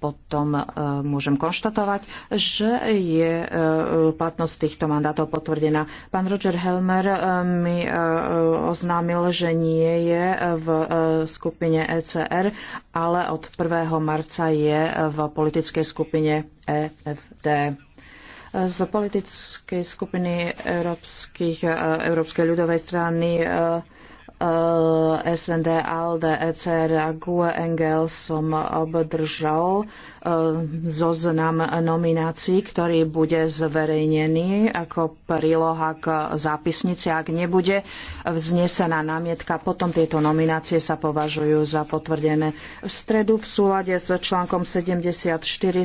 potom e, môžem konštatovať, že je e, platnosť týchto mandátov potvrdená. Pán Roger Helmer e, mi oznámil, že nie je v skupine ECR, ale od 1. marca je v politickej skupine EFD z politickej skupiny Európskej ľudovej strany Eh, SND, ALDE, ECR a e GUE Engel som obdržal eh, zoznam nominácií, ktorý bude zverejnený ako príloha k zápisnici. Ak nebude vznesená námietka, potom tieto nominácie sa považujú za potvrdené. V stredu v súlade s článkom 74